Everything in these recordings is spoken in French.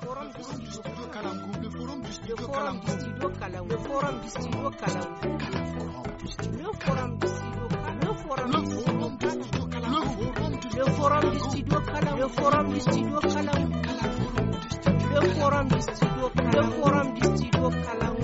forum le forum du studio le forum du forum le forum du le forum du le forum du forum du le forum du forum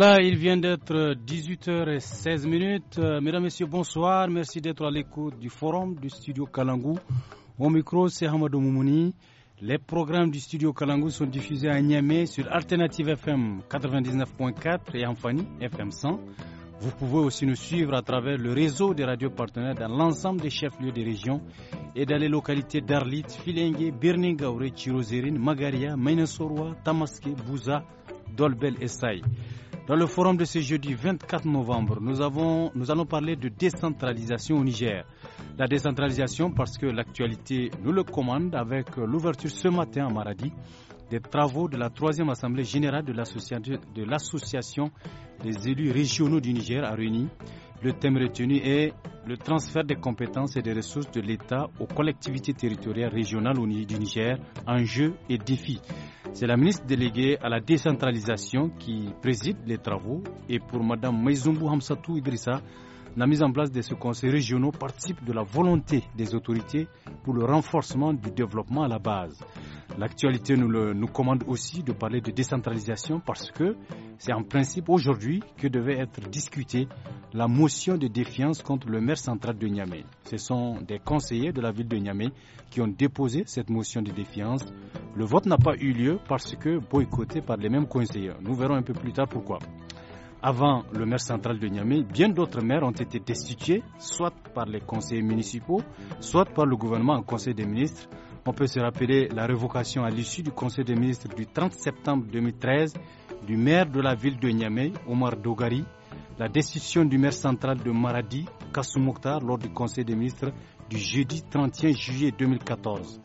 Voilà, il vient d'être 18h16 euh, Mesdames, Messieurs, bonsoir. Merci d'être à l'écoute du forum du studio Kalangou. Au micro, c'est Hamadou Moumouni. Les programmes du studio Kalangou sont diffusés à Niamey sur Alternative FM 99.4 et Amphani FM 100. Vous pouvez aussi nous suivre à travers le réseau des radios partenaires dans l'ensemble des chefs-lieux des régions et dans les localités d'Arlit, Filengue, Birningaure, Chirozérine, Magaria, Mainesoroa, Tamaske, Bouza, Dolbel et Saï. Dans le forum de ce jeudi 24 novembre, nous, allons parler de décentralisation au Niger. La décentralisation parce que l'actualité nous le commande avec l'ouverture ce matin à Maradi des travaux de la troisième assemblée générale de l'association des élus régionaux du Niger à Réunis. Le thème retenu est le transfert des compétences et des ressources de l'État aux collectivités territoriales régionales du Niger, enjeux et défis. C'est la ministre déléguée à la décentralisation qui préside les travaux et pour Mme Maizumbu Hamsatou Idrissa, la mise en place de ce conseil régionaux participe de la volonté des autorités pour le renforcement du développement à la base. L'actualité nous, nous commande aussi de parler de décentralisation parce que c'est en principe aujourd'hui que devait être discutée la motion de défiance contre le maire central de Niamey. Ce sont des conseillers de la ville de Niamey qui ont déposé cette motion de défiance. Le vote n'a pas eu lieu parce que boycotté par les mêmes conseillers. Nous verrons un peu plus tard pourquoi. Avant le maire central de Niamey, bien d'autres maires ont été destitués, soit par les conseillers municipaux, soit par le gouvernement en conseil des ministres. On peut se rappeler la révocation à l'issue du conseil des ministres du 30 septembre 2013 du maire de la ville de Niamey, Omar Dogari, la destitution du maire central de Maradi, Kassou lors du conseil des ministres du jeudi 31 juillet 2014.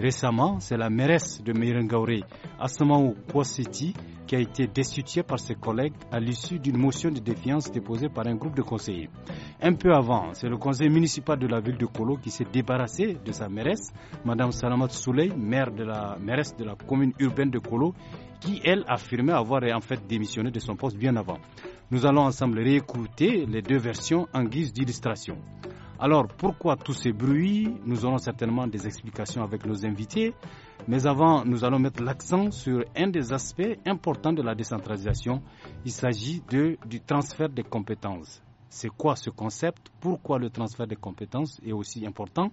Récemment, c'est la mairesse de Meirengaure, Asmaou Kwasiti, qui a été destitué par ses collègues à l'issue d'une motion de défiance déposée par un groupe de conseillers. Un peu avant, c'est le conseil municipal de la ville de Kolo qui s'est débarrassé de sa mairesse, Mme Salamat Souley, maire de la, mairesse de la commune urbaine de Kolo, qui, elle, affirmait avoir en fait démissionné de son poste bien avant. Nous allons ensemble réécouter les deux versions en guise d'illustration. Alors, pourquoi tous ces bruits Nous aurons certainement des explications avec nos invités. Mais avant, nous allons mettre l'accent sur un des aspects importants de la décentralisation. Il s'agit du transfert des compétences. C'est quoi ce concept Pourquoi le transfert des compétences est aussi important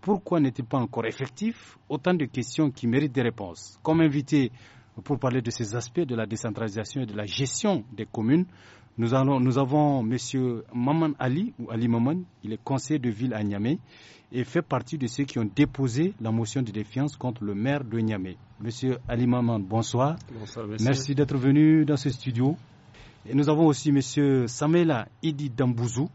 Pourquoi n'est-il pas encore effectif Autant de questions qui méritent des réponses. Comme invité pour parler de ces aspects de la décentralisation et de la gestion des communes, nous, avons M. Maman Ali, ou Ali Maman, il est conseiller de ville à Niamey et fait partie de ceux qui ont déposé la motion de défiance contre le maire de Niamey. Monsieur Ali Maman, bonsoir. bonsoir Merci d'être venu dans ce studio. Et nous avons aussi M. Samela Idi Dambouzou.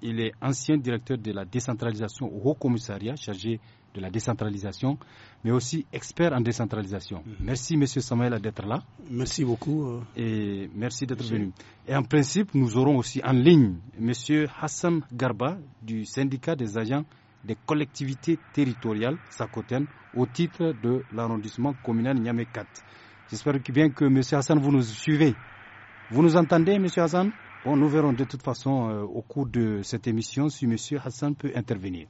Il est ancien directeur de la décentralisation au Haut Commissariat chargé de la décentralisation, mais aussi expert en décentralisation. Mhm. Merci, Monsieur Samuel, d'être là. Merci beaucoup. Euh, Et merci d'être venu. Et en principe, nous aurons aussi en ligne Monsieur Hassan Garba du syndicat des agents des collectivités territoriales sacotaines au titre de l'arrondissement communal Niamey 4. J'espère bien que Monsieur Hassan, vous nous suivez. Vous nous entendez, Monsieur Hassan Bon, nous verrons de toute façon euh, au cours de cette émission si Monsieur Hassan peut intervenir.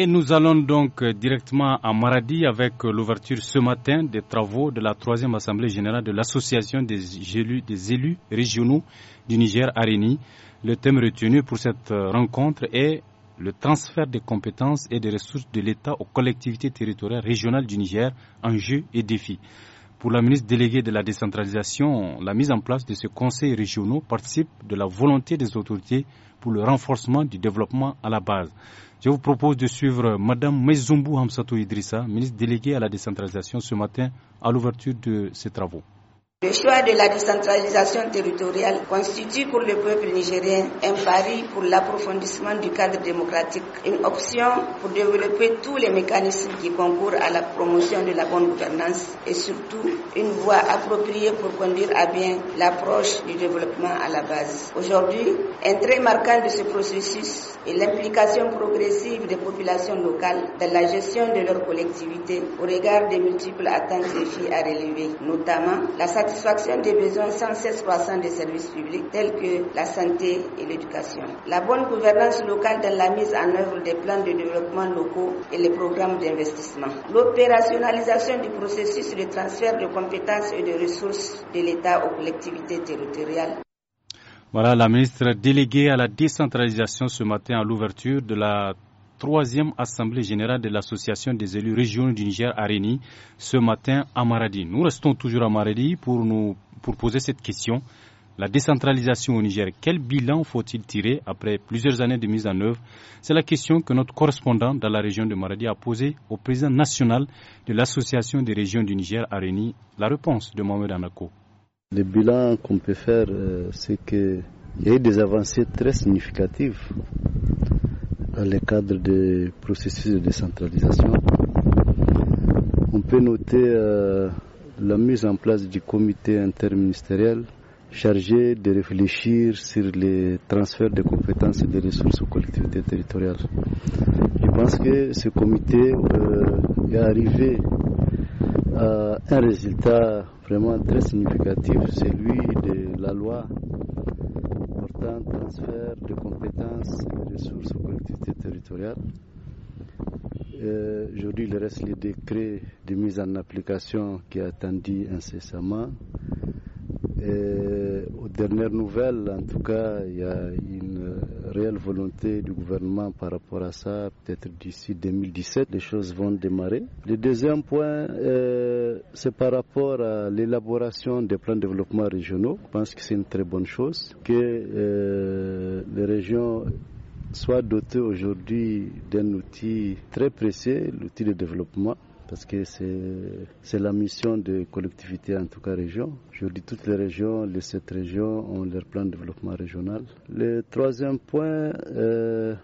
Et nous allons donc euh, directement à Maradi avec euh, l'ouverture ce matin des travaux de la troisième assemblée générale de l'association des élus, régionaux du Niger Areni. Le thème retenu pour cette euh, rencontre est le transfert des compétences et des ressources de l'État aux collectivités territoriales régionales du Niger, enjeux et défis. Pour la ministre déléguée de la décentralisation, la mise en place de ces conseils régionaux participe de la volonté des autorités pour le renforcement du développement à la base. Je vous propose de suivre Madame Mezumbu Hamsato Idrissa, ministre déléguée à la décentralisation, ce matin à l'ouverture de ses travaux. Le choix de la décentralisation territoriale constitue pour le peuple nigérien un pari pour l'approfondissement du cadre démocratique, une option pour développer tous les mécanismes qui concourent à la promotion de la bonne gouvernance et surtout une voie appropriée pour conduire à bien l'approche du développement à la base. Aujourd'hui, un trait marquant de ce processus est l'implication progressive des populations locales dans la gestion de leur collectivité au regard des multiples attentes et défis à relever, notamment la satisfaction des besoins sans cesse croissants des services publics tels que la santé et l'éducation. La bonne gouvernance locale dans la mise en œuvre des plans de développement locaux et les programmes d'investissement. L'opérationnalisation du processus de transfert de compétences et de ressources de l'État aux collectivités territoriales. Voilà la ministre déléguée à la décentralisation ce matin à l'ouverture de la troisième assemblée générale de l'association des élus régionaux du Niger à e ce matin à Maradi. Nous restons toujours à Maradi pour nous pour poser cette question. La décentralisation au Niger, quel bilan faut-il tirer après plusieurs années de mise en œuvre C'est la question que notre correspondant dans la région de Maradi a posée au président national de l'association des régions du Niger à e La réponse de Mohamed Anako. Le bilan qu'on peut faire, euh, c'est qu'il y a eu des avancées très significatives dans le cadre du processus de décentralisation, on peut noter euh, la mise en place du comité interministériel chargé de réfléchir sur les transferts de compétences et de ressources aux collectivités territoriales. Je pense que ce comité euh, est arrivé à un résultat vraiment très significatif, celui de la loi transfert de compétences et ressources aux collectivités territoriales. Euh, aujourd'hui, il reste les décrets de mise en application qui attendu incessamment. Et euh, aux dernières nouvelles, en tout cas, il y a une réelle volonté du gouvernement par rapport à ça, peut-être d'ici 2017, les choses vont démarrer. Le deuxième point, euh, c'est par rapport à l'élaboration des plans de développement régionaux. Je pense que c'est une très bonne chose que euh, les régions soient dotées aujourd'hui d'un outil très précis, l'outil de développement parce que c'est la mission des collectivité, en tout cas région. Je dis toutes les régions, les sept régions ont leur plan de développement régional. Le troisième point, euh,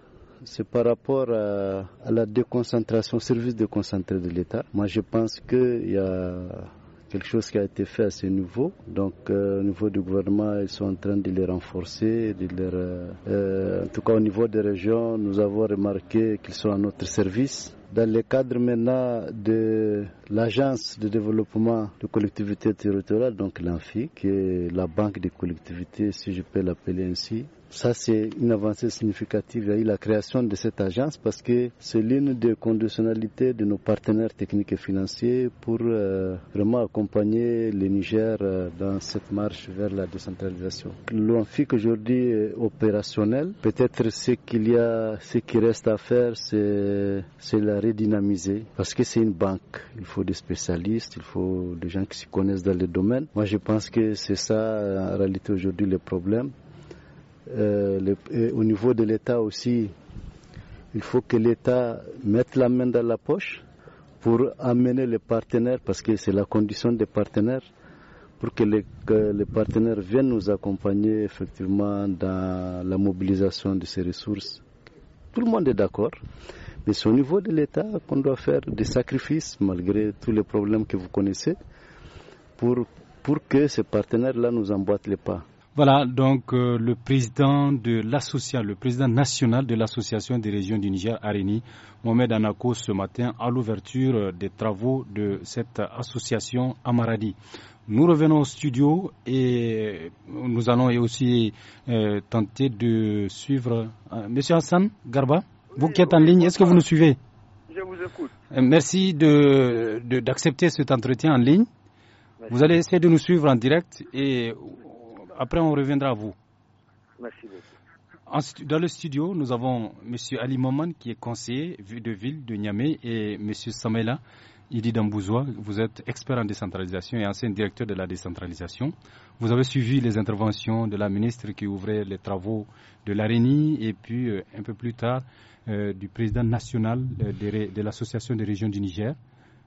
c'est par rapport à, la déconcentration, service déconcentré de l'État. Moi, je pense qu'il y a quelque chose qui a été fait à ce niveau. Donc, euh, au niveau du gouvernement, ils sont en train de les renforcer. Euh, en tout cas, au niveau des régions, nous avons remarqué qu'ils sont à notre service dans le cadre maintenant de l'Agence de développement de collectivités territoriales, donc l'ANFI, qui est la banque des collectivités, si je peux l'appeler ainsi. Ça, c'est une avancée significative. Il la création de cette agence parce que c'est l'une des conditionnalités de nos partenaires techniques et financiers pour euh, vraiment accompagner le Niger euh, dans cette marche vers la décentralisation. L'ANFIC aujourd'hui est euh, opérationnel. Peut-être ce qu'il y a, ce qui reste à faire, c'est la redynamiser parce que c'est une banque faut des spécialistes, il faut des gens qui se connaissent dans le domaine. Moi, je pense que c'est ça, en réalité, aujourd'hui, le problème. Euh, au niveau de l'État aussi, il faut que l'État mette la main dans la poche pour amener les partenaires, parce que c'est la condition des partenaires, pour que les, partenaires viennent nous accompagner effectivement dans la mobilisation de ces ressources. Tout le monde est d'accord. Mais c'est au niveau de l'État qu'on doit faire des sacrifices, malgré tous les problèmes que vous connaissez, pour, pour que ces partenaires-là nous emboîtent les pas. Voilà, donc euh, le président de l'association, le président national de l'association des régions du Niger, Areni, Mohamed Anako, ce matin à l'ouverture euh, des travaux de cette association à Nous revenons au studio et nous allons aussi euh, tenter de suivre Monsieur Hassan Garba. Vous qui êtes en ligne, est-ce que vous nous suivez Je vous écoute. Euh, merci d'accepter de, d'accepter cet entretien en ligne. Vous allez essayer de nous suivre en direct et après on reviendra à vous. Merci dans le studio, nous avons monsieur Ali Moman qui est conseiller de ville de Niamey et M. Samela Idi Dambouzoua. Vous êtes expert en décentralisation et ancien directeur de la décentralisation. Vous avez suivi les interventions de la ministre qui ouvrait les travaux de l'ARENI et puis euh, un peu plus tard euh, du président national euh, de, l'Association des régions du Niger.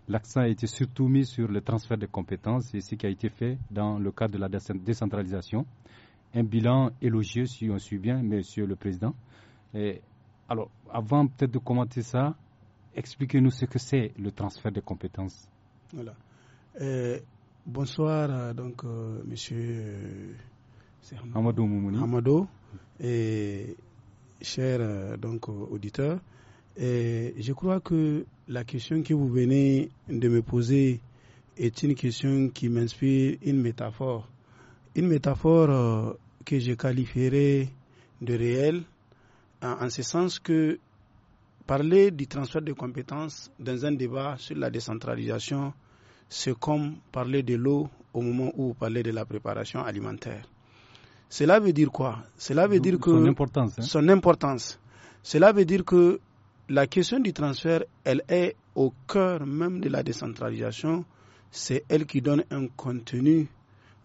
L'accent a été surtout mis sur le transfert de compétences et ce qui a été fait dans le cadre de la décentralisation. Un bilan élogieux, si on suit bien, Monsieur le Président. alors, avant peut-être de commenter ça, expliquez-nous ce que c'est le transfert de compétences. Voilà. Euh, bonsoir, donc, Monsieur Moumouni. Hamadou. Et chers euh, donc, auditeurs, je crois que la question que vous venez de me poser est une question qui m'inspire une métaphore. Une métaphore euh, que je qualifierais de réelle, en ce sens que parler du transfert de compétences dans un débat sur la décentralisation, c'est comme parler de l'eau au moment où vous parlez de la préparation alimentaire. Cela veut dire quoi Cela veut dire que son importance, hein. son importance. Cela veut dire que la question du transfert, elle est au cœur même de la décentralisation. C'est elle qui donne un contenu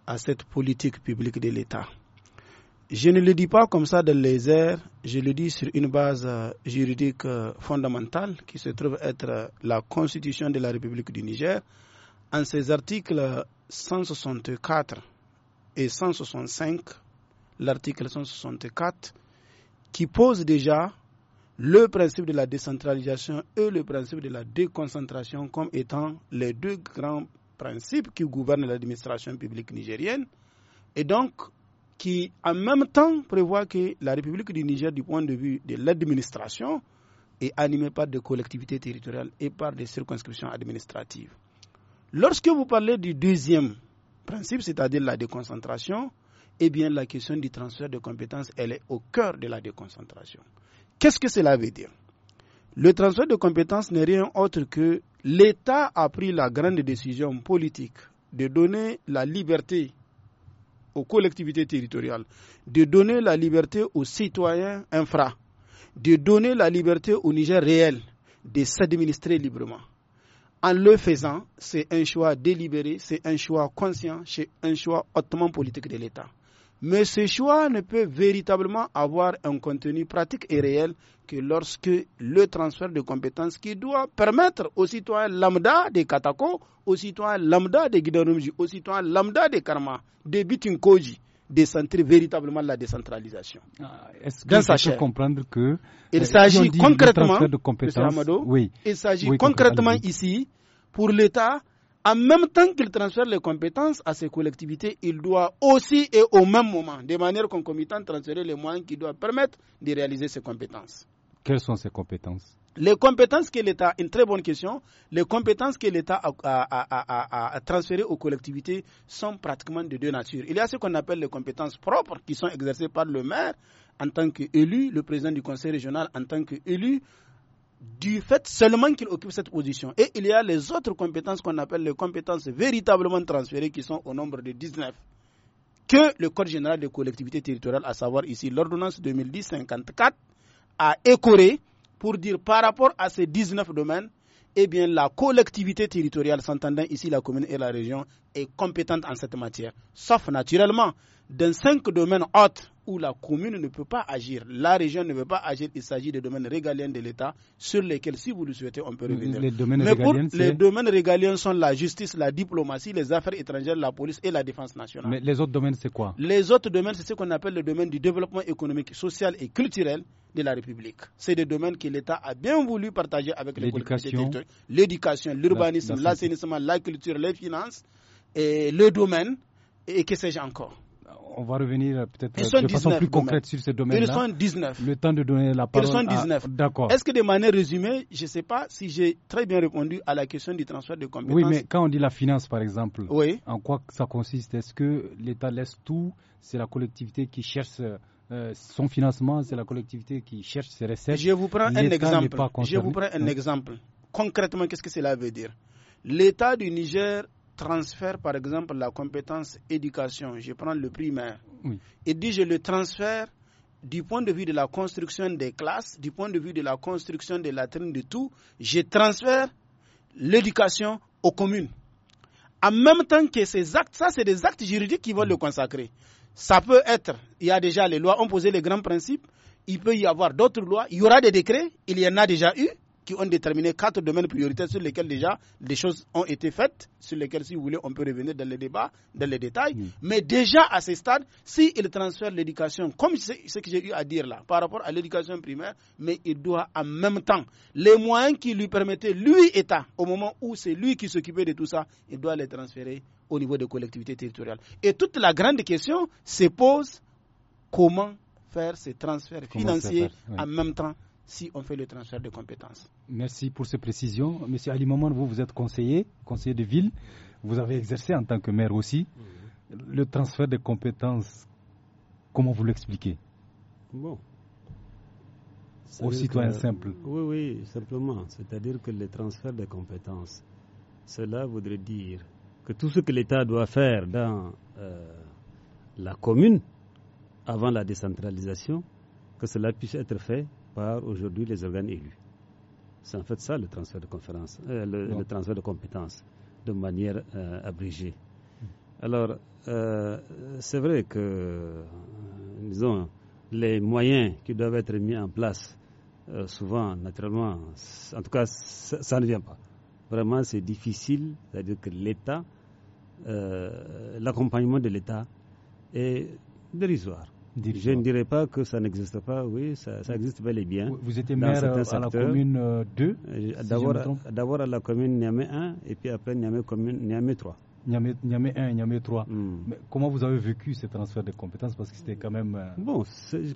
à cette politique publique de l'État. Je ne le dis pas comme ça de les airs, je le dis sur une base euh, juridique euh, fondamentale qui se trouve être euh, la Constitution de la République du Niger. En ses articles 164 et 165, l'article 164 qui pose déjà le principe de la décentralisation et le principe de la déconcentration comme étant les deux grands principes qui gouvernent l'administration publique nigérienne et donc qui en même temps prévoit que la République du Niger du point de vue de l'administration est animée par des collectivités territoriales et par des circonscriptions administratives. Lorsque vous parlez du deuxième principe, c'est-à-dire la déconcentration, eh bien la question du transfert de compétences, elle est au cœur de la déconcentration. Qu'est-ce que cela veut dire Le transfert de compétences n'est rien autre que l'État a pris la grande décision politique de donner la liberté aux collectivités territoriales, de donner la liberté aux citoyens infra, de donner la liberté au Niger réel de s'administrer librement. En le faisant, c'est un choix délibéré, c'est un choix conscient, c'est un choix hautement politique de l'État. Mais ce choix ne peut véritablement avoir un contenu pratique et réel que lorsque le transfert de compétences qui doit permettre aux citoyens lambda des Katako, aux citoyens lambda des Guidonumji, aux citoyens lambda des Karma, des Bitinkoji, de décentrer véritablement la décentralisation. Ah, est-ce que que il euh, s'agit concrètement, il s'agit concrètement ici pour l'État en même temps qu'il transfère les compétences à ses collectivités, il doit aussi et au même moment, de manière concomitante, transférer les moyens qui doivent permettre de réaliser ces compétences. Quelles sont ces compétences Les compétences que l'État, une très bonne question, les compétences que l'État a, a, a, a, transférées aux collectivités sont pratiquement de deux natures. Il y a ce qu'on appelle les compétences propres qui sont exercées par le maire en tant qu'élu, le président du conseil régional en tant qu'élu, du fait seulement qu'il occupe cette position. Et il y a les autres compétences qu'on appelle les compétences véritablement transférées qui sont au nombre de 19 que le Code général des collectivités territoriales, à savoir ici l'ordonnance 2010-54, a écoré pour dire par rapport à ces 19 domaines, eh bien la collectivité territoriale, s'entendant ici la commune et la région, est compétente en cette matière. Sauf naturellement dans cinq domaines autres où la commune ne peut pas agir, la région ne peut pas agir, il s'agit des domaines régaliens de l'État sur lesquels, si vous le souhaitez, on peut revenir. Les domaines, Mais pour les domaines régaliens sont la justice, la diplomatie, les affaires étrangères, la police et la défense nationale. Mais les autres domaines, c'est quoi Les autres domaines, c'est ce qu'on appelle le domaine du développement économique, social et culturel de la République. C'est des domaines que l'État a bien voulu partager avec les collectivités L'éducation, l'urbanisme, l'assainissement, la, culture, les finances, et le domaine, et que sais-je encore on va revenir peut-être de façon plus concrète sur ce domaine-là. Le temps de donner la parole. D'accord. Est-ce que de manière résumée, je ne sais pas si j'ai très bien répondu à la question du transfert de compétences. Oui, mais quand on dit la finance, par exemple, en quoi ça consiste Est-ce que l'État laisse tout C'est la collectivité qui cherche euh, son financement C'est la collectivité qui cherche ses recettes Je vous prends un exemple. Je vous prends un hein? exemple. Concrètement, qu'est-ce que cela veut dire L'État du Niger transfère par exemple la compétence éducation, je prends le primaire, et dis je le transfère du point de vue de la construction des classes, du point de vue de la construction de la trine de tout, je transfère l'éducation aux communes. En même temps que ces actes, ça c'est des actes juridiques qui vont le consacrer. Ça peut être, il y a déjà les lois, ont posé les grands principes, il peut y avoir d'autres lois, il y aura des décrets, il y en a déjà eu, ont déterminé quatre domaines prioritaires sur lesquels déjà des choses ont été faites, sur lesquels, si vous voulez, on peut revenir dans les débats, dans les détails. Hmm. Mais déjà à ce stade, s'il transfère l'éducation, comme ce que j'ai eu à dire là, par rapport à l'éducation primaire, mais il doit en même temps les moyens qui lui permettaient, lui, État, au moment où c'est lui qui s'occupait de tout ça, il doit les transférer au niveau des collectivités territoriales. Et toute la grande question se pose comment faire ces transferts financiers en même temps si on fait le transfert de compétences. Merci pour ces précisions. Monsieur Ali Maman, vous, vous êtes conseiller, conseiller de ville. Vous avez exercé en tant que maire aussi. Le transfert de compétences, comment vous l'expliquez Bon. Aux citoyens simples. Oui, oui, simplement. C'est-à-dire que le transfert de compétences, cela voudrait dire que tout ce que l'État doit faire dans euh, la commune avant la décentralisation, que cela puisse être fait par aujourd'hui les organes élus. C'est en fait ça le transfert de, conférence, euh, le, transfert de compétences de manière euh, abrégée. Hmm. Alors, euh, c'est vrai que, disons, les moyens qui doivent être mis en place, souvent, naturellement, en tout cas, ça ne vient pas. Vraiment, c'est difficile, c'est-à-dire que l'État, l'accompagnement de l'État est dérisoire. Je ne dirais pas que ça n'existe pas, oui, ça, ça, existe bel et bien. Vous étiez maire euh, à la commune 2 euh, euh, si D'abord à la commune Niamey 1 et puis après Niamey, commune, 3. Niamey, 1 et Niamey 3. Hmm. Mais comment vous avez vécu ce transfert de compétences Parce que c'était quand même. bon,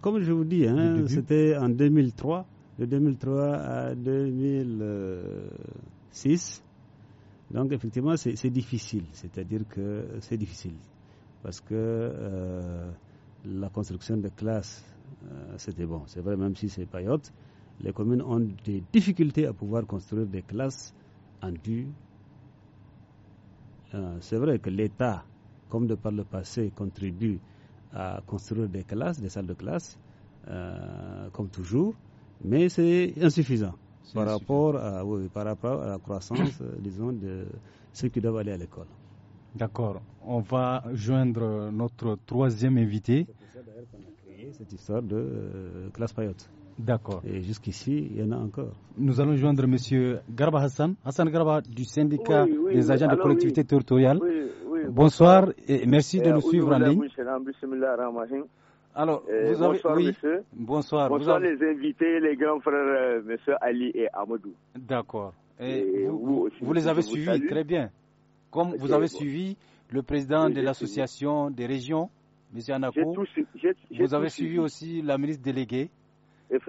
comme je vous dis, hein, c'était en 2003, de 2003 à 2006. Donc effectivement, c'est difficile. C'est-à-dire que c'est difficile. Parce que la construction de classes, euh, c'était bon. C'est vrai, même si c'est payotte, les communes ont des difficultés à pouvoir construire des classes en dû. Euh, c'est vrai que l'État, comme de par le passé, contribue à construire des classes, des salles de classe, euh, comme toujours, mais c'est insuffisant par rapport, par rapport à la croissance, disons, de ceux qui doivent aller à l'école. D'accord. On va joindre notre troisième invité. C'est d'ailleurs qu'on a créé cette histoire de euh, classe payote. D'accord. Et jusqu'ici, il y en a encore. Nous allons joindre M. Garba Hassan, Hassan Garba du syndicat des agents de collectivité territoriale. bonsoir et merci de eh, nous suivre en ligne. Alors, eh, vous avez... bonsoir, monsieur. Bonsoir. Bonsoir les invités, les grands frères, M. Euh, monsieur Ali et Amadou. D'accord. Et, vous les avez suivis, très bien. Comme vous avez suivi le président de l'association des régions, M. Anako, vous avez suivi, aussi la ministre déléguée.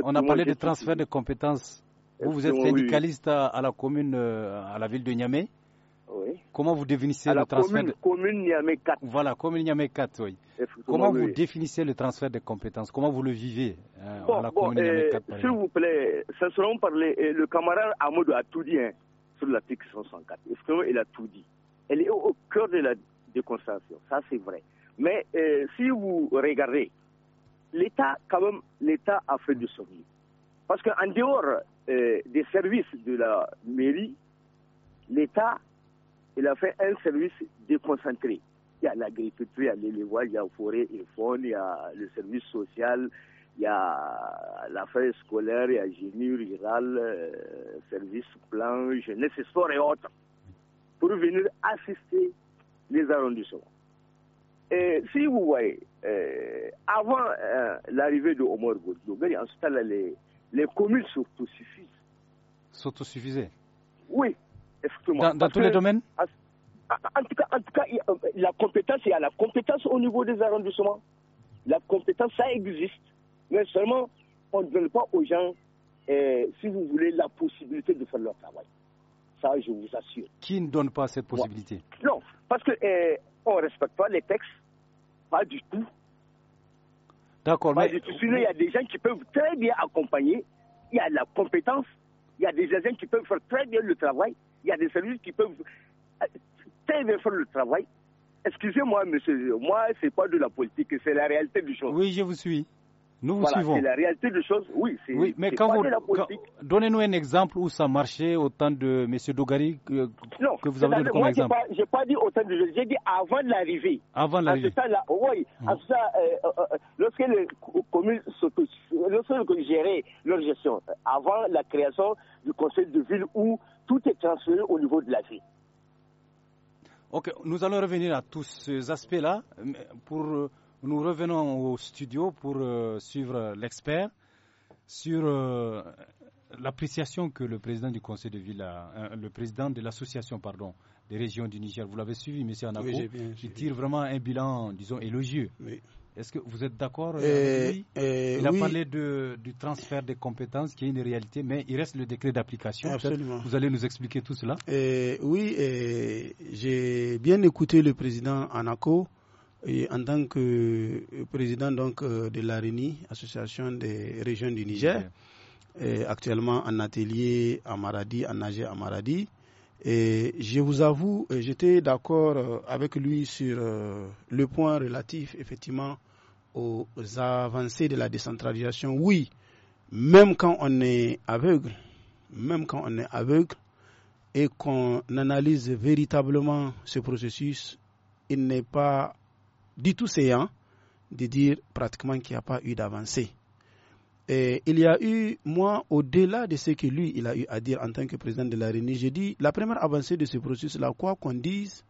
On a parlé de transfert de compétences. Vous, vous êtes syndicaliste à, la commune, euh, à la ville de Niamey. Oui. Comment vous définissez le transfert commune, de... Niamey 4. Voilà, commune Niamey 4, oui. Comment vous définissez le transfert de compétences Comment vous le vivez hein, euh, à la commune euh, 4 S'il vous plaît, ça seront parlé. Euh, le camarade Amadou a tout dit hein, sur l'article 64. il a tout dit elle est au cœur de la déconcentration, ça c'est vrai. Mais euh, si vous regardez, l'État, quand même, l'État a fait du sommeil. Parce qu'en dehors euh, des services de la mairie, l'État, il a fait un service déconcentré. Il y a l'agriculture, il y a l'élevage, il y a la forêt et faune, il y a le service social, il y a l'affaire scolaire, il y a génie rural, le euh, service planche nécessaire et autres pour venir assister les arrondissements. Et si vous voyez, euh, avant euh, l'arrivée de Omar Goudloubé, en ce les, communes s'autosuffisent. S'autosuffisaient Oui, effectivement. Dans, tous les domaines en, tout cas, euh, la compétence, il y a la compétence au niveau des arrondissements. La compétence, ça existe. Mais seulement, on ne donne pas aux gens, si vous voulez, la possibilité de faire leur travail. Ça, je vous assure. Qui ne donne pas cette possibilité Non, parce qu'on eh, on ne respecte pas les textes. Pas du tout. D'accord, mais... il y a des gens qui peuvent très bien accompagner. Il y a la compétence. Il y a des agents qui peuvent faire très bien le travail. Il y a des services qui peuvent euh, très bien faire le travail. Excusez-moi, monsieur, moi, c'est pas de la politique, c'est la réalité du jour. Oui, je vous suis. Nous vous voilà, suivons. la réalité des choses. Oui, oui, mais quand vous, Donnez-nous un exemple où ça marchait au temps de M. Dogari que, vous avez donné comme moi, exemple. Je n'ai pas, dit au temps de j'ai dit avant l'arrivée. Avant l'arrivée. là oh, oui, à hum. ce temps, euh, euh, euh lorsque les communes géraient leur gestion, avant la création du conseil de ville où tout est transféré au niveau de la ville. Ok, nous allons revenir à tous ces aspects-là pour. Euh, nous revenons au studio pour euh, suivre l'expert sur euh, l'appréciation que le président du conseil de ville, euh, le président de l'association, pardon, des régions du Niger, vous l'avez suivi, monsieur Anako, Je tire vraiment un bilan, disons, élogieux. Est-ce que vous êtes d'accord euh, Il a parlé du transfert des compétences qui est une réalité, mais il reste le décret d'application. Absolument. Vous allez nous expliquer tout cela Oui, j'ai bien écouté le président Anako en tant que euh, président donc euh, de l'ARENI, Association des régions du Niger, actuellement en atelier à Maradi, en Niger à Maradi, et je vous avoue, euh, j'étais d'accord avec lui sur le point relatif effectivement aux avancées de la décentralisation. Oui, même quand on est aveugle, même quand on est aveugle et qu'on analyse véritablement ce processus, il n'est pas du tout séant de dire pratiquement qu'il n'y a pas eu d'avancée. Et il y a eu, moi, au-delà de ce que lui, il a eu à dire en tant que président de la Réunion, j'ai dit, la première avancée de ce processus-là, quoi qu'on dise,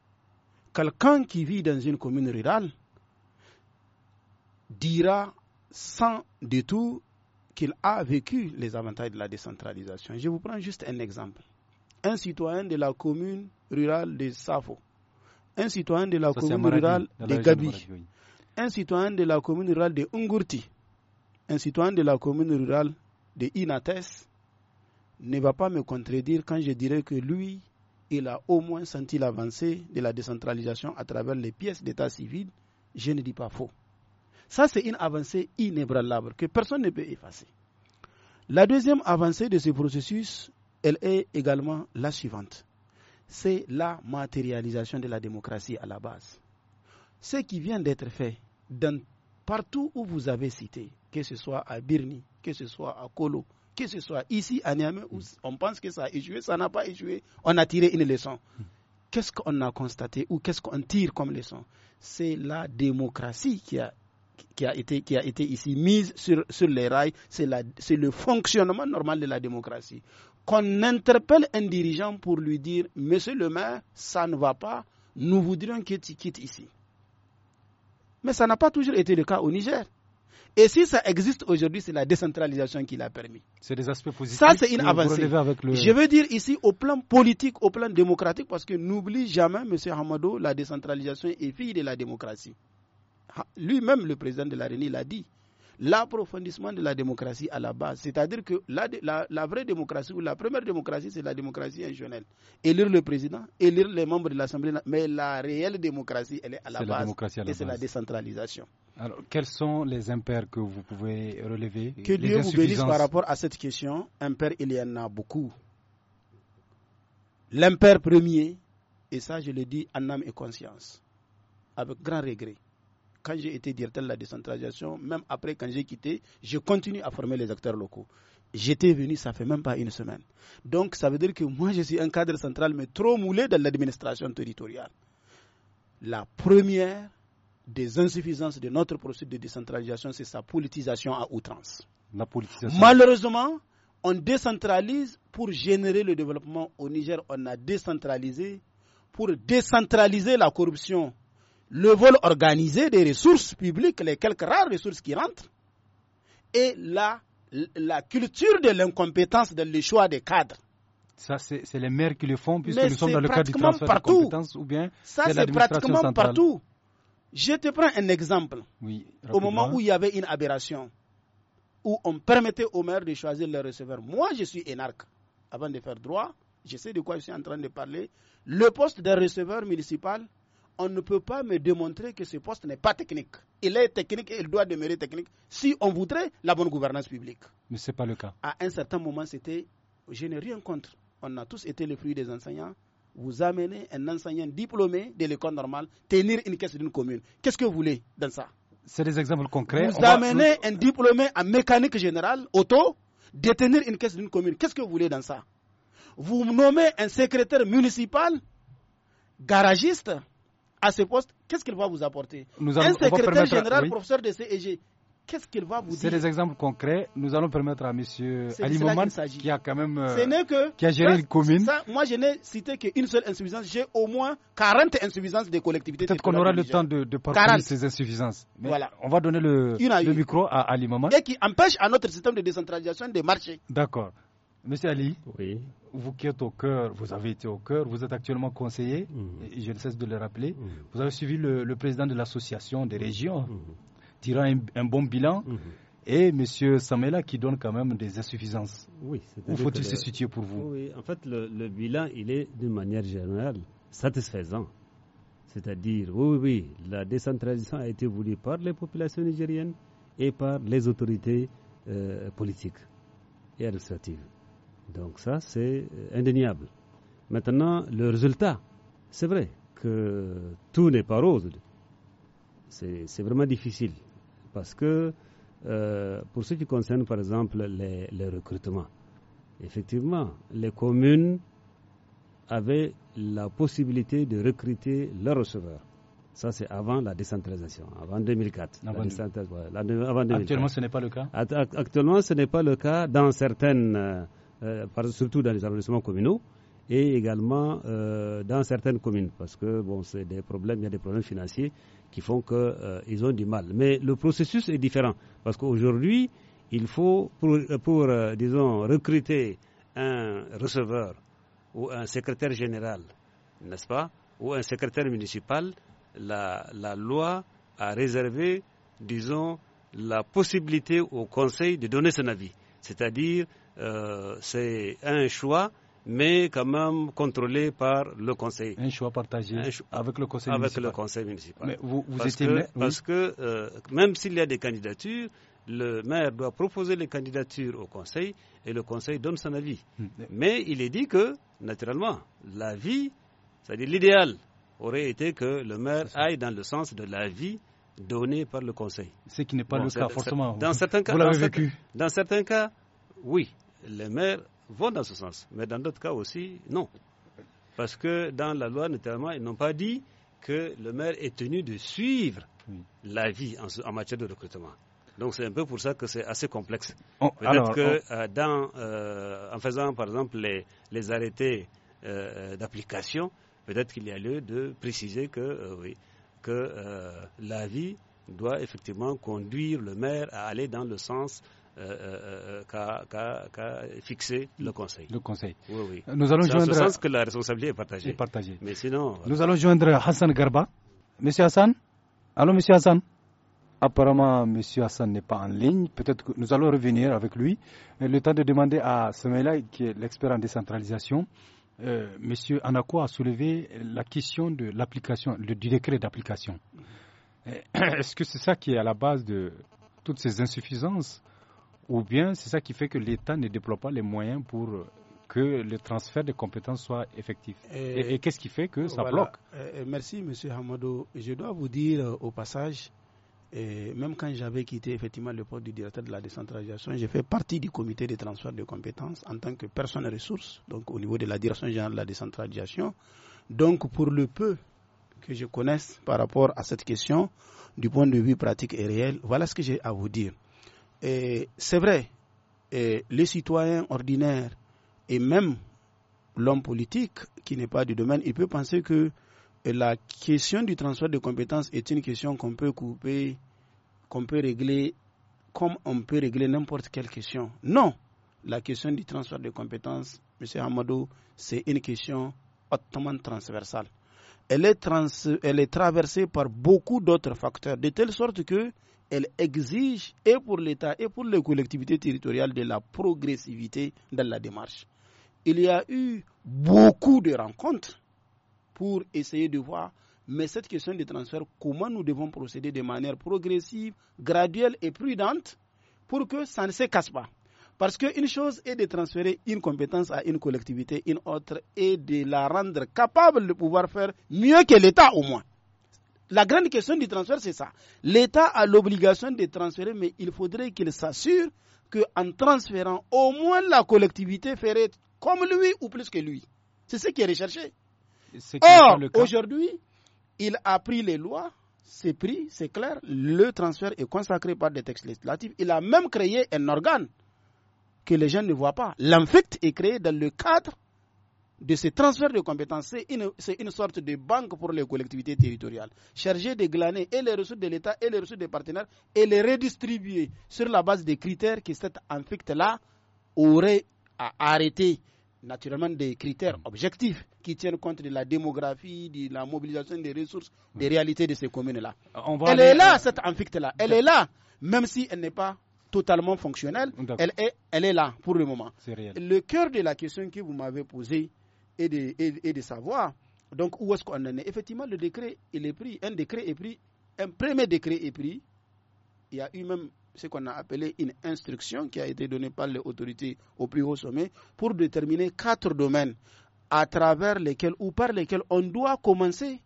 quelqu'un qui vit dans une commune rurale dira sans détour qu'il a vécu les avantages de la décentralisation. Je vous prends juste un exemple. Un citoyen de la commune rurale de Safo un citoyen de la commune rurale de Gabi, un citoyen de la commune rurale de Ungurti, un citoyen de la commune rurale de Inates ne va pas me contredire quand je dirais que lui, il a au moins senti l'avancée de la décentralisation à travers les pièces d'état civil. Je ne dis pas faux. Ça, c'est une avancée inébranlable que personne ne peut effacer. La deuxième avancée de ce processus, elle est également la suivante c'est la matérialisation de la démocratie à la base. Ce qui vient d'être fait partout où vous avez cité, que ce soit à Birni, que ce soit à Kolo, que ce soit ici à Niamey hmm. on pense que ça a échoué, ça n'a pas échoué, on a tiré une leçon. Hmm. Qu'est-ce qu'on a constaté ou qu'est-ce qu'on tire comme leçon C'est la démocratie qui a, été, ici mise sur les rails, c'est le fonctionnement normal de la démocratie qu'on interpelle un dirigeant pour lui dire Monsieur le maire, ça ne va pas, nous voudrions que tu quittes ici. Mais ça n'a pas toujours été le cas au Niger. Et si ça existe aujourd'hui, c'est la décentralisation qui l'a permis. C'est des aspects positifs. Ça, c'est une avancée. Je veux dire ici, au plan politique, au plan démocratique, parce que n'oublie jamais, monsieur Hamado, la décentralisation est fille de la démocratie. Lui-même, le président de la Réunion, l'a dit l'approfondissement de la démocratie à la base. C'est-à-dire que la, vraie démocratie ou la première démocratie, c'est la démocratie régionale. Élire le président, élire les membres de l'Assemblée, mais la réelle démocratie, elle est à la base et c'est la décentralisation. Alors, quels sont les impairs que vous pouvez relever Que Dieu vous bénisse par rapport à cette question. Impairs, il y en a beaucoup. L'impair premier, et ça je le dis en âme et conscience, avec grand regret, quand j'ai été directeur de la décentralisation, même après quand j'ai quitté, je continue à former les acteurs locaux. J'étais venu, ça fait même pas une semaine. Donc ça veut dire que moi je suis un cadre central, mais trop moulé dans l'administration territoriale. La première des insuffisances de notre processus de décentralisation, c'est sa politisation à outrance. Malheureusement, on décentralise pour générer le développement. Au Niger, on a décentralisé pour décentraliser la corruption le vol organisé des ressources publiques, les quelques rares ressources qui rentrent, et la, la culture de l'incompétence dans le choix des cadres. Ça, c'est les maires qui le font, puisque nous sommes dans le cadre du transfert partout. de compétences, ou bien Ça, c'est pratiquement partout. Je te prends un exemple. Oui, Au moment où il y avait une aberration, où on permettait aux maires de choisir les receveurs. Moi, je suis énarque. Avant de faire droit, je sais de quoi je suis en train de parler. Le poste de receveur municipal on ne peut pas me démontrer que ce poste n'est pas technique. Il est technique et il doit demeurer technique si on voudrait la bonne gouvernance publique. Mais ce n'est pas le cas. À un certain moment, c'était je n'ai rien contre. On a tous été le fruit des enseignants. Vous amenez un enseignant diplômé de l'école normale tenir une caisse d'une commune. Qu'est-ce que vous voulez dans ça C'est des exemples concrets. Vous amenez un diplômé en mécanique générale, auto, détenir une caisse d'une commune. Qu'est-ce que vous voulez dans ça Vous nommez un secrétaire municipal, garagiste, à ce poste, qu'est-ce qu'il va vous apporter Un secrétaire général, professeur de CEG, qu'est-ce qu'il va vous dire C'est des exemples concrets. Nous allons permettre à M. Ali Moman, qui a quand même euh, qui a géré une commune. moi, je n'ai cité qu'une seule insuffisance. J'ai au moins 40 insuffisances des collectivités. Peut-être qu'on aura le temps de, parler de ces insuffisances. Mais voilà. On va donner le, le micro à Ali Moman. Et qui empêche à notre système de décentralisation de marcher. D'accord. Monsieur Ali, vous qui êtes au cœur, vous avez été au cœur, vous êtes actuellement conseiller, mm. et je ne cesse de le rappeler. Mm. Vous avez suivi le, président de l'association des régions, mm. tirant un, bon bilan, et monsieur Samela qui donne quand même des insuffisances. Oui, Où faut-il se situer pour vous Oui, en fait, le, bilan, il est d'une manière générale satisfaisant. C'est-à-dire, oui, oui, la décentralisation a été voulue par les populations nigériennes et par les autorités euh, politiques et administratives. Donc ça, c'est euh, indéniable. Maintenant, le résultat, c'est vrai que tout n'est pas rose. C'est vraiment difficile parce que euh, pour ce qui concerne par exemple les, recrutements, effectivement, les communes avaient la possibilité de recruter leurs receveurs. Ça, c'est avant la décentralisation, avant 2004. avant 2004. Actuellement, ce n'est pas le cas Actuellement, ce n'est pas le cas dans certaines euh, euh, surtout dans les arrondissements communaux et également euh, dans certaines communes, parce que bon, c'est des problèmes, il y a des problèmes financiers qui font qu'ils euh, ont du mal. Mais le processus est différent, parce qu'aujourd'hui, il faut, pour, disons, recruter un receveur ou un secrétaire général, n'est-ce pas, ou un secrétaire municipal, la, la loi a réservé, disons, la possibilité au conseil de donner son avis, c'est-à-dire euh, c'est un choix, mais quand même contrôlé par le conseil. Un choix partagé avec le conseil municipal. le municipal. vous, parce, que, euh, même s'il y a des candidatures, le maire doit proposer les candidatures au conseil et le conseil donne son avis. Hmm. Mais il est dit que, naturellement, l'avis, c'est-à-dire l'idéal, aurait été que le maire aille dans le sens de l'avis donné par le conseil. Ce qui n'est pas le cas, forcément. Dans certains cas, vous l'avez vécu. dans certains cas, oui les maires vont dans ce sens. Mais dans d'autres cas aussi, non. Parce que dans la loi, notamment, ils n'ont pas dit que le maire est tenu de suivre l'avis en, matière de recrutement. Donc c'est un peu pour ça que c'est assez complexe. Oh, peut-être que oh. euh, dans, euh, en faisant par exemple les, les arrêtés euh, d'application, peut-être qu'il y a lieu de préciser que oui, que l'avis doit effectivement conduire le maire à aller dans le sens euh, euh, euh, qu'a fixé le Conseil. Le Conseil. Oui, oui. Nous allons joindre... ce sens que la responsabilité est partagée. Mais sinon... Nous allons joindre Hassan Garba. Monsieur Hassan Allô, monsieur Hassan Apparemment, Monsieur Hassan n'est pas en ligne. Peut-être que nous allons revenir avec lui. Le temps de demander à Semela, qui est l'expert en décentralisation, Monsieur monsieur a soulevé la question de l'application, du décret d'application. Est-ce que c'est ça qui est à la base de toutes ces insuffisances ou bien c'est ça qui fait que l'État ne déploie pas les moyens pour que le transfert de compétences soit effectif. Et, qu'est-ce qui fait que ça bloque Merci, Monsieur Hamado. Je dois vous dire euh, au passage, même quand j'avais quitté effectivement le poste du directeur de la décentralisation, j'ai fait partie du comité de transfert de compétences en tant que personne ressource, donc au niveau de la direction générale de la décentralisation. Donc pour le peu que je connaisse par rapport à cette question, du point de vue pratique et réel, voilà ce que j'ai à vous dire c'est vrai, les citoyens ordinaires et même l'homme politique qui n'est pas du domaine, il peut penser que la question du transfert de compétences est une question qu'on peut couper, qu'on peut régler comme on peut régler n'importe quelle question. Non, la question du transfert de compétences, M. Hamadou, c'est une question hautement transversale. Elle est, elle est traversée par beaucoup d'autres facteurs, de telle sorte que elle exige et pour l'État et pour les collectivités territoriales de la progressivité dans la démarche. Il y a eu beaucoup de rencontres pour essayer de voir, mais cette question de transfert, comment nous devons procéder de manière progressive, graduelle et prudente pour que ça ne se casse pas. Parce qu'une chose est de transférer une compétence à une collectivité, une autre est de la rendre capable de pouvoir faire mieux que l'État au moins. La grande question du transfert, c'est ça. L'État a l'obligation de transférer, mais il faudrait qu'il s'assure qu'en transférant, au moins la collectivité ferait comme lui ou plus que lui. C'est ce qui est recherché. Or, aujourd'hui, il a pris les lois, c'est pris, c'est clair, le transfert est consacré par des textes législatifs. Il a même créé un organe que les gens ne voient pas. L'enfect est créé dans le cadre de ces transferts de compétences, c'est une, sorte de banque pour les collectivités territoriales, chargée de glaner et les ressources de l'État et les ressources des partenaires et les redistribuer sur la base des critères que cette enquête-là aurait à arrêter. Naturellement, des critères objectifs qui tiennent compte de la démographie, de la mobilisation des ressources, des réalités de ces communes-là. Elle est là, cette enquête-là. Elle est là, même si elle n'est pas totalement fonctionnelle. Elle est, elle est là pour le moment. Le cœur de la question que vous m'avez posée, et de, savoir donc où est-ce qu'on en est. Effectivement, le décret, est pris, un décret est pris, un premier décret est pris. Il y a eu même ce qu'on a appelé une instruction qui a été donnée par les autorités au plus haut sommet pour déterminer quatre domaines à travers lesquels ou par lesquels on doit commencer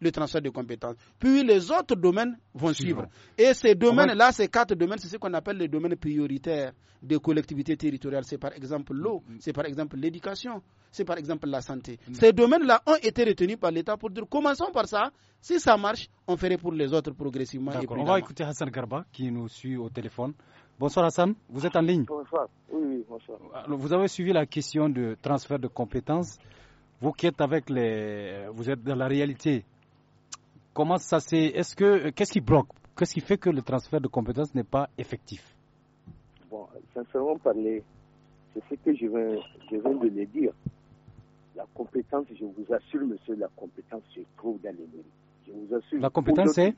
le transfert de compétences. Puis les autres domaines vont suivre. Et ces domaines-là, ces quatre domaines, c'est ce qu'on appelle les domaines prioritaires des collectivités territoriales. C'est par exemple l'eau, mm. c'est par exemple l'éducation, c'est par exemple la santé. Mm. Ces domaines-là ont été retenus par l'État pour dire commençons par ça. Si ça marche, on ferait pour les autres progressivement. on va écouter Hassan Garba qui nous suit au téléphone. Bonsoir Hassan, vous êtes en ligne. Bonsoir, oui, bonsoir. vous avez suivi la question de transfert de compétences. Vous qui êtes avec les, vous êtes dans la réalité Comment ça c'est Est-ce que qu'est-ce qui bloque Qu'est-ce qui fait que le transfert de compétences n'est pas effectif Bon, sincèrement parler, c'est ce que je viens, de le dire. La compétence, je vous assure, monsieur, la compétence se trouve dans les mairies. Je vous assure. La compétence, c'est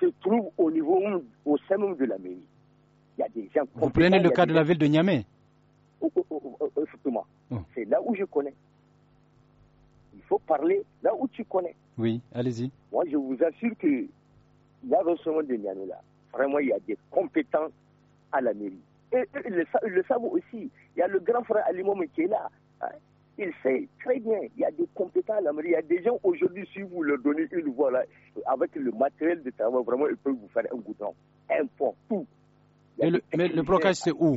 Se trouve au niveau, au sein même de la mairie. Il y a des gens. Vous prenez le cas de la ville de Niamey oh, oh, oh, oh, C'est là où je connais. Il faut parler là où tu connais. Oui, allez-y. Moi, je vous assure que l'avancement de Nyanoula, là, vraiment, il y a des compétents à la mairie. Et ils le, savent aussi. Il y a le grand frère Alimom qui est là. Hein. Il sait très bien, il y a des compétents à la mairie. Il y a des gens aujourd'hui, si vous leur donnez une voix là, avec le matériel de travail, vraiment, ils peuvent vous faire un goudron, un pont, tout. Mais le, blocage, c'est où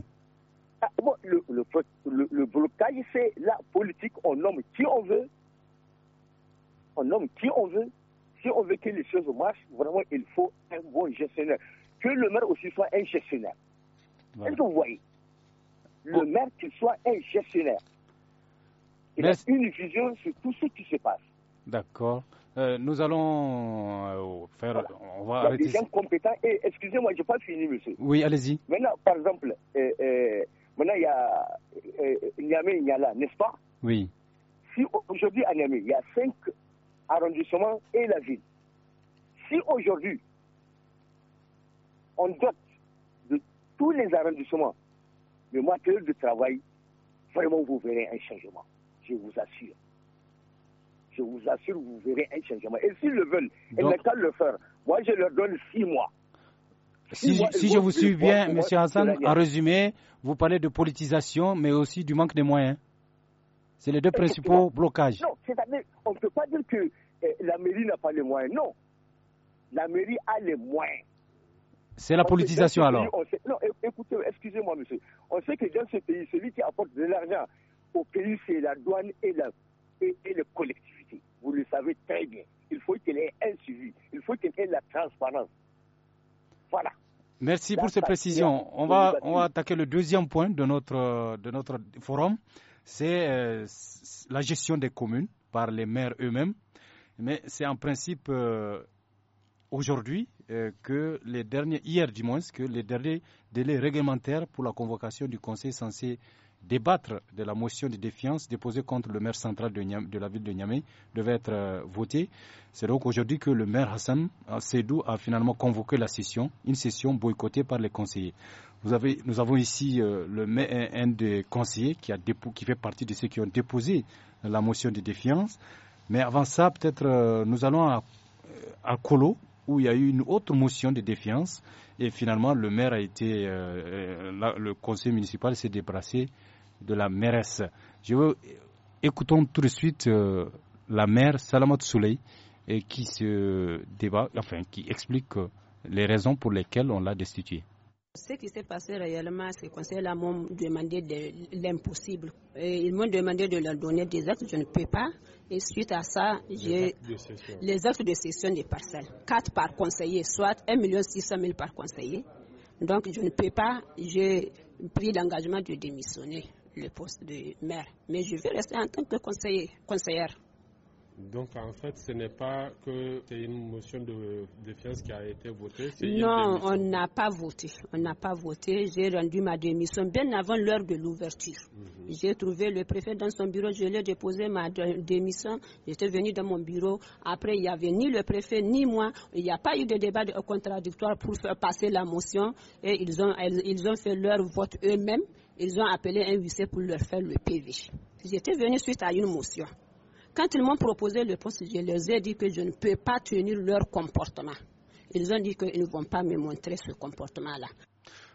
ah, le, le, blocage, c'est la politique. On nomme qui on veut, on homme, qui on veut. Si on veut que les choses marchent, vraiment, il faut un bon gestionnaire. Que le maire aussi soit un gestionnaire. Est-ce que vous voyez Le maire qu'il soit un gestionnaire. Il a une vision sur tout ce qui se passe. D'accord. Euh, nous allons euh, faire. On va arrêter. Des gens compétents. Et excusez-moi, je n'ai pas fini, monsieur. Oui, allez-y. Maintenant, par exemple, euh, maintenant, il y a Niamey, Niala, n'est-ce pas Oui. Si aujourd'hui à Niamey, il y a cinq arrondissement et la ville. Si aujourd'hui, on dote de tous les arrondissements le matériel de travail, vraiment vous verrez un changement. Je vous assure. Je vous assure, vous verrez un changement. Et s'ils le veulent, ils n'ont qu'à le faire. Moi, je leur donne six mois. Si, je vous suis bien, M. Hassan, en résumé, vous parlez de politisation, mais aussi du manque de moyens. C'est les deux principaux blocages. Non, c'est-à-dire, on ne peut pas dire que eh, la mairie n'a pas les moyens. Non. La mairie a les moyens. C'est la politisation alors Non, écoutez, excusez-moi monsieur. On sait que dans ce pays, celui qui apporte de l'argent au pays, c'est la douane et, la, et, les collectivités. Vous le savez très bien. Il faut qu'il ait un suivi. Il faut qu'il ait la transparence. Voilà. Merci pour ces précisions. On va, on va attaquer le deuxième point de notre, de notre forum c'est euh, la gestion des communes par les maires eux-mêmes. Mais c'est en principe euh, aujourd'hui euh, que les derniers, hier du moins, que les derniers délais réglementaires pour la convocation du Conseil censé débattre de la motion de défiance déposée contre le maire central de, la ville de Niamey devait être votés. C'est donc aujourd'hui que le maire Hassan Sedou a finalement convoqué la session, une session boycottée par les conseillers nous avons ici euh, le, un, des conseillers qui, fait partie de ceux qui ont déposé la motion de défiance. Mais avant ça, peut-être euh, nous allons à, Colo, où il y a eu une autre motion de défiance. Et finalement, le maire a été, euh, le conseil municipal s'est débrassé de la mairesse. Je veux, écoutons tout de suite la maire Salamat Souley qui se débat, qui explique les raisons pour lesquelles on l'a destituée. Ce qui s'est passé réellement, c'est que là m'ont demandé de l'impossible. Ils m'ont demandé de leur donner des actes, je ne peux pas. Et suite à ça, j'ai les actes de cession des parcelles. quatre par conseiller, soit 1 million 000 par conseiller. Donc je ne peux pas, j'ai pris l'engagement de démissionner le poste de maire. Mais je vais rester en tant que conseiller, conseillère. Donc en fait, ce n'est pas que c'est une motion de défiance qui a été votée. Non, on n'a pas voté. On n'a pas voté. J'ai rendu ma démission bien avant l'heure de l'ouverture. Mhm. J'ai trouvé le préfet dans son bureau. Je lui ai déposé ma démission. J'étais venu dans mon bureau. Après, il n'y avait ni le préfet ni moi. Il n'y a pas eu de débat contradictoire pour faire passer la motion. Et ils ont, ils ont fait leur vote eux-mêmes. Ils ont appelé un huissier pour leur faire le PV. J'étais venu suite à une motion. Quand ils m'ont proposé le poste, je leur ai dit que je ne peux pas tenir leur comportement. Ils ont dit qu'ils ne vont pas me montrer ce comportement-là.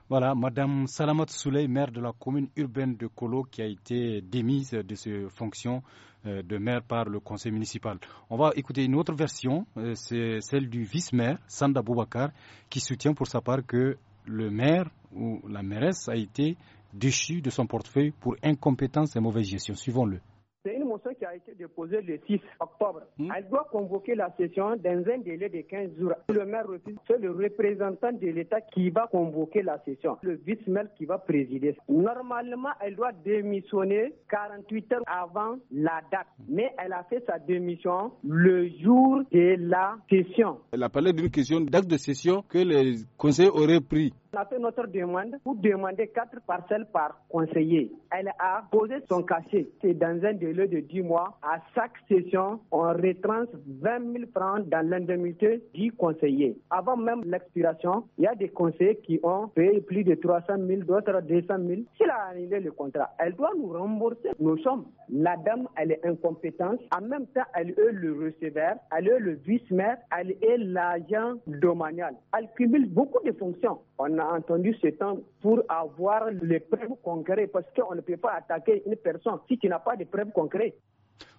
Voilà, Madame Salamat Souley, maire de la commune urbaine de Kolo, qui a été démise de ses fonctions euh, de maire par le conseil municipal. On va écouter une autre version, euh, c'est celle du vice-maire, Sanda Boubacar, qui soutient pour sa part que le maire ou la mairesse a été déchu de son portefeuille pour incompétence et mauvaise gestion. Suivons-le. C'est une motion qui a été déposée le 6 octobre. Hmm. Elle doit convoquer la session dans un délai de 15 jours. Le maire refuse, c'est le représentant de l'État qui va convoquer la session, le vice-maire qui va présider. Normalement, elle doit démissionner 48 heures avant la date, hmm. mais elle a fait sa démission le jour de la session. Elle a parlé d'une question d'acte de session que les conseil auraient pris a fait notre demande pour demander quatre parcelles par conseiller. Elle a posé son cachet. C'est dans un délai de 10 mois. À chaque session, on retranche 20 000 francs dans l'indemnité du conseiller. Avant même l'expiration, il y a des conseillers qui ont payé plus de 300 000, d'autres 200 000. S'il a annulé le contrat, elle doit nous rembourser nos sommes. La dame, elle est incompétente. En même temps, elle est le receveur, elle est le vice-maire, elle est l'agent domanial. Elle cumule beaucoup de fonctions. On a entendu ce temps pour avoir les preuves concrètes, parce qu'on ne peut pas attaquer une personne si tu n'as pas de preuves concrètes.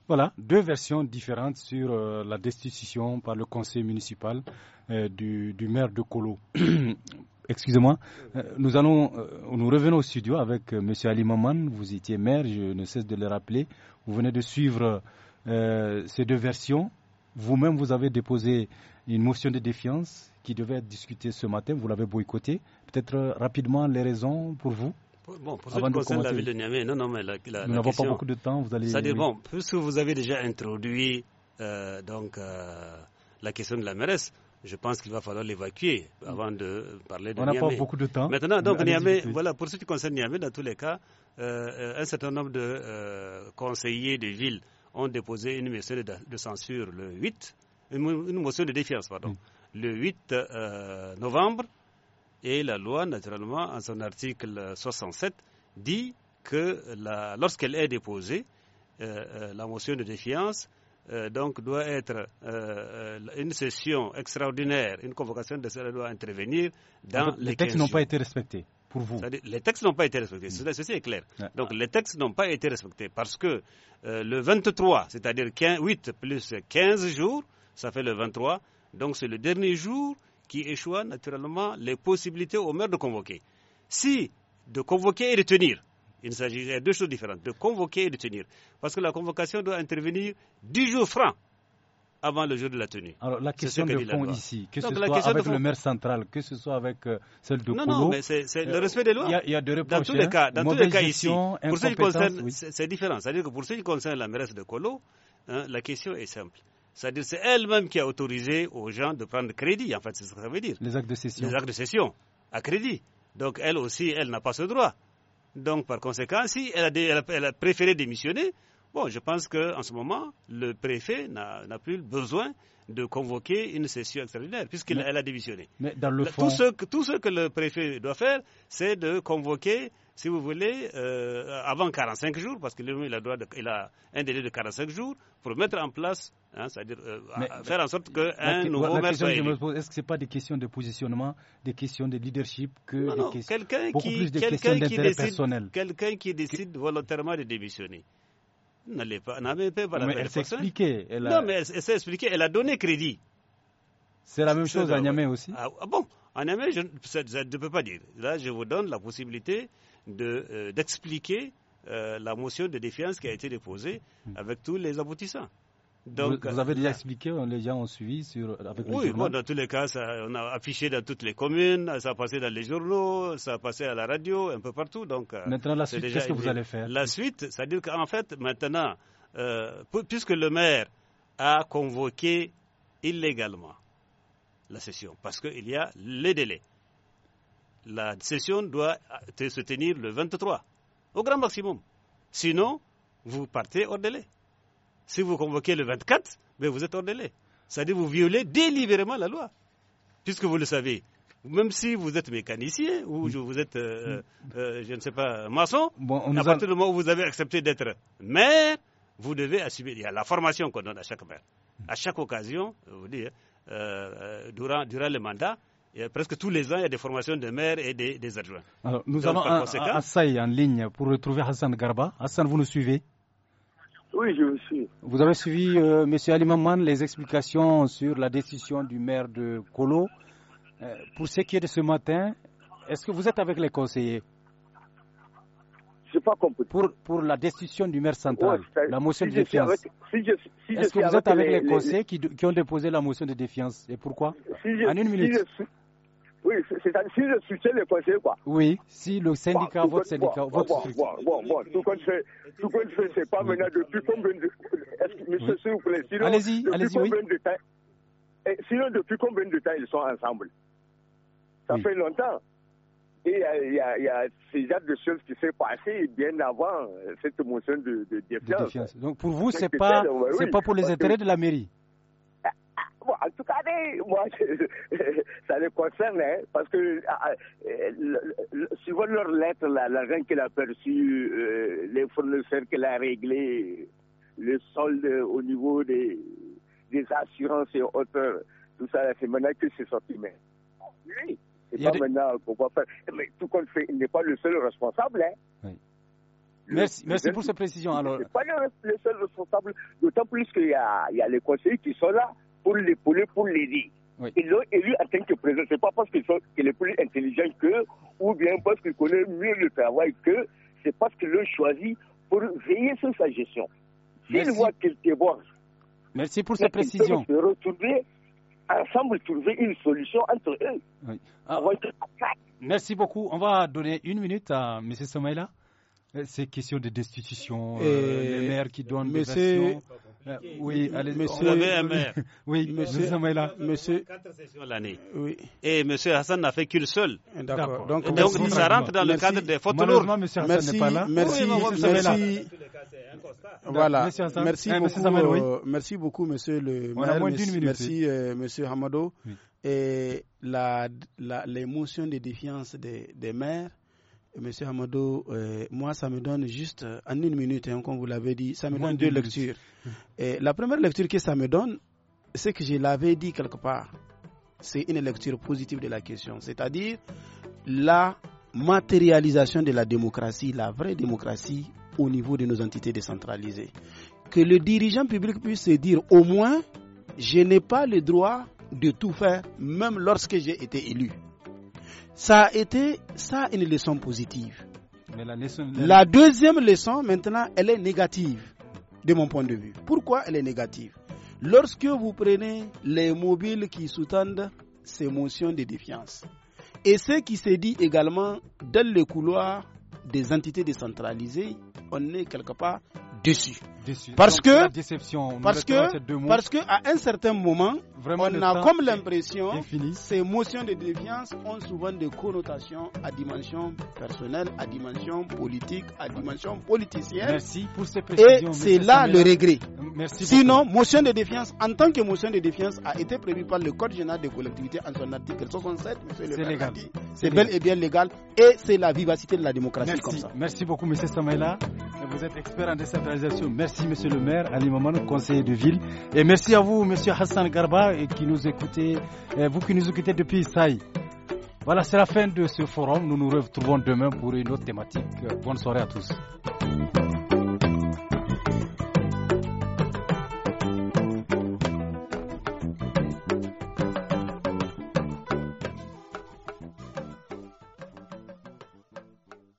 Voilà, deux versions différentes sur euh, la destitution par le conseil municipal euh, du, maire de Colo. Excusez-moi, euh, nous allons, nous revenons au studio avec monsieur Ali Maman. Vous étiez maire, je ne cesse de le rappeler. Vous venez de suivre ces deux versions. Vous-même, vous avez déposé une motion de défiance qui devait être discutée ce matin. Vous l'avez boycottée peut-être rapidement les raisons pour vous Bon, pour ce qui concerne la ville de Niamey, non, non, mais la, Nous n'avons pas beaucoup de temps, vous allez... bon, puisque vous avez déjà introduit euh, donc, euh, la question de la mairesse, je pense qu'il va falloir l'évacuer avant de parler de On n'a pas beaucoup de temps. Maintenant, donc Niamey, voilà, pour ce qui concerne Niamey, dans tous les cas, euh, un certain nombre de conseillers de ville ont déposé une motion de, censure le 8, une, motion de défiance, pardon, mm. le 8 novembre et la loi, naturellement, en son article 67, dit que lorsqu'elle est déposée, euh, euh, la motion de défiance euh, donc doit être une session extraordinaire, une convocation de cela doit intervenir dans les, textes n'ont pas été respectés pour vous. Les textes n'ont pas été respectés, ceci est clair. Donc les textes n'ont pas été respectés parce que le 23, c'est-à-dire 8 plus 15 jours, ça fait le 23, donc c'est le dernier jour qui échoua naturellement les possibilités au maire de convoquer. Si de convoquer et de tenir, il s'agit de deux choses différentes, de convoquer et de tenir. Parce que la convocation doit intervenir du jours francs avant le jour de la tenue. Alors la question que de fond ici, que ce soit avec le maire central, que ce soit avec euh, celle de Non, non, mais c'est le euh, respect des lois. Il y, a Dans tous les hein. cas, dans tous les cas ici, c'est différent. C'est-à-dire que pour ce qui concerne la mairesse de Colo, hein, la question est simple. C'est-à-dire c'est elle-même qui a autorisé aux gens de prendre crédit, en fait, c'est ce que ça veut dire. Les actes de cession. Les actes de cession à crédit. Donc elle aussi, elle n'a pas ce droit. Donc par conséquent, si elle a, préféré démissionner, bon, je pense qu'en ce moment, le préfet n'a plus besoin de convoquer une session extraordinaire, puisqu'elle a démissionné. Mais dans le fond... Tout ce, tout ce que le préfet doit faire, c'est de convoquer si vous voulez, euh, avant 45 jours, parce que a, a un délai de 45 jours pour mettre en place, hein, c'est-à-dire euh, faire en sorte qu'un nouveau la maire Est-ce que ce n'est pas des questions de positionnement, des questions de leadership que non, quelqu'un qui, décide, quelqu'un qui décide volontairement de démissionner pas, n'avait pas elle s'est expliquée. Elle a... Non, mais elle, s'est expliquée, elle a donné crédit. C'est la même chose à Niamey aussi. Ah, ah bon, à Niamey, je ne peux pas dire. Là, je vous donne la possibilité euh, d'expliquer de, euh, la motion de défiance qui a été déposée hmm. avec tous les aboutissants. vous, avez euh, déjà expliqué, hein, les gens ont suivi sur, avec Oui, dans tous les cas, on a affiché dans toutes les communes, ça a passé dans les journaux, ça a passé à la radio, un peu partout. Donc, maintenant, la suite, qu'est-ce que vous allez faire La suite, c'est-à-dire qu'en fait, maintenant, puisque le maire a convoqué illégalement la session, parce qu'il y a les délais la session doit euh, se tenir le 23, au grand maximum. Sinon, vous partez hors délai. Si vous convoquez le 24, ben, vous êtes hors délai. C'est-à-dire vous violez délibérément la loi, puisque vous le savez. Même si vous êtes mécanicien ou vous êtes, euh, euh, je ne sais pas, maçon, à partir du moment où vous avez accepté d'être maire, vous devez assumer. Il y a la formation qu'on donne à chaque maire. À chaque occasion, vous dire, durant le mandat, presque tous les ans, il y a des formations de maires et des, adjoints. nous avons un à, en ligne pour retrouver Hassan Garba. Hassan, vous nous suivez Oui, je vous suis. Vous avez suivi, euh, Monsieur M. Ali Maman, les explications sur la décision du maire de Kolo. Euh, pour ce qui est de ce matin, est-ce que vous êtes avec les conseillers pour, pour la décision du maire central, la motion de défiance. Si si Est-ce que vous êtes avec les, conseils Qui, ont déposé la motion de défiance Et pourquoi je, En une minute. oui, cest si je soutiens les quoi. Oui, si le bah, syndicat, votre syndicat, bah, votre Bon, bon, bon, tout compte fait, tout compte c'est pas maintenant depuis combien de... Est-ce que, monsieur, s'il vous plaît, sinon... Allez-y, allez De temps, et eh, sinon, depuis combien de temps ils sont ensemble Ça fait longtemps. Et euh, il y a, y, de choses qui s'est passé bien avant euh, cette motion de, de, Donc pour vous, c'est pas, c'est pas pour les intérêts de la mairie. Ah, ah, en tout cas, moi, ça les concerne, hein, parce que euh, suivant leur lettre, l'argent qu'elle a perçu, euh, les fournisseurs qu'elle a réglés, le solde au niveau des, des assurances et autres, tout ça, c'est maintenant que c'est sorti. Mais lui, mais tout comme fait, il n'est pas le seul responsable. Hein. merci, pour cette précision. il n'est pas le, seul responsable, d'autant plus qu'il y, a, les conseillers qui sont là pour l'épouler, pour l'aider. Oui. Ils l'ont élu en tant que président. Ce n'est pas parce qu'ils sont qu'il est plus intelligent qu'eux ou bien parce qu'ils connaissent mieux le travail qu'eux. C'est parce qu'ils l'ont choisi pour veiller sur sa gestion. S'ils voient qu'il divorce, merci pour cette précision. Se ensemble trouver une solution entre eux. Ah. Merci beaucoup. On va donner une minute à M. Somaïla. Euh, ces questions de destitution, euh, les maires qui donnent des versions. Euh, oui, allez, monsieur, on avait un maire. oui, monsieur, nous sommes là. Monsieur, quatre sessions l'année. Oui. Et monsieur Hassan n'a fait qu'une seule. D'accord. Donc, donc ça rentre dans le cadre des fautes lourdes. monsieur Hassan n'est pas là. Merci, oui, merci. Voilà. Hassan. Merci, eh, beaucoup, monsieur Samuel, oui. Euh, merci beaucoup, monsieur le maire. merci, monsieur Hamado. Et la, la, de défiance des, des maires Monsieur Amado, euh, moi, ça me donne juste, euh, en une minute, hein, comme vous l'avez dit, ça me donne deux lectures. la première lecture que ça me donne, c'est que je l'avais dit quelque part. C'est une lecture positive de la question, c'est-à-dire la matérialisation de la démocratie, la vraie démocratie au niveau de nos entités décentralisées. Que le dirigeant public puisse se dire au moins, je n'ai pas le droit de tout faire, même lorsque j'ai été élu. Ça a été ça une leçon positive. la, deuxième leçon, maintenant, elle est négative, de mon point de vue. Pourquoi elle est négative Lorsque vous prenez les mobiles qui sous ces motions de défiance, et ce qui se dit également dans le couloir des entités décentralisées, on est quelque part dessus. Parce que, parce que, à un certain moment, on a comme l'impression ces motions de défiance ont souvent des connotations à dimension personnelle, à dimension politique, à dimension politicienne. Merci pour Et c'est là le regret. Sinon, motion de défiance, en tant que motion de défiance, a été prévue par le Code général des collectivités en son article 67, monsieur légal. C'est bel et bien légal et c'est la vivacité de la démocratie Merci. comme ça. Merci beaucoup, monsieur Samela, Vous êtes expert en décentralisation. Merci Merci, monsieur le maire, Ali Maman, conseiller de ville. Et merci à vous, monsieur Hassan Garba, qui nous écoutez, vous qui nous écoutez depuis Saï. Voilà, c'est la fin de ce forum. Nous nous retrouvons demain pour une autre thématique. Bonne soirée à tous.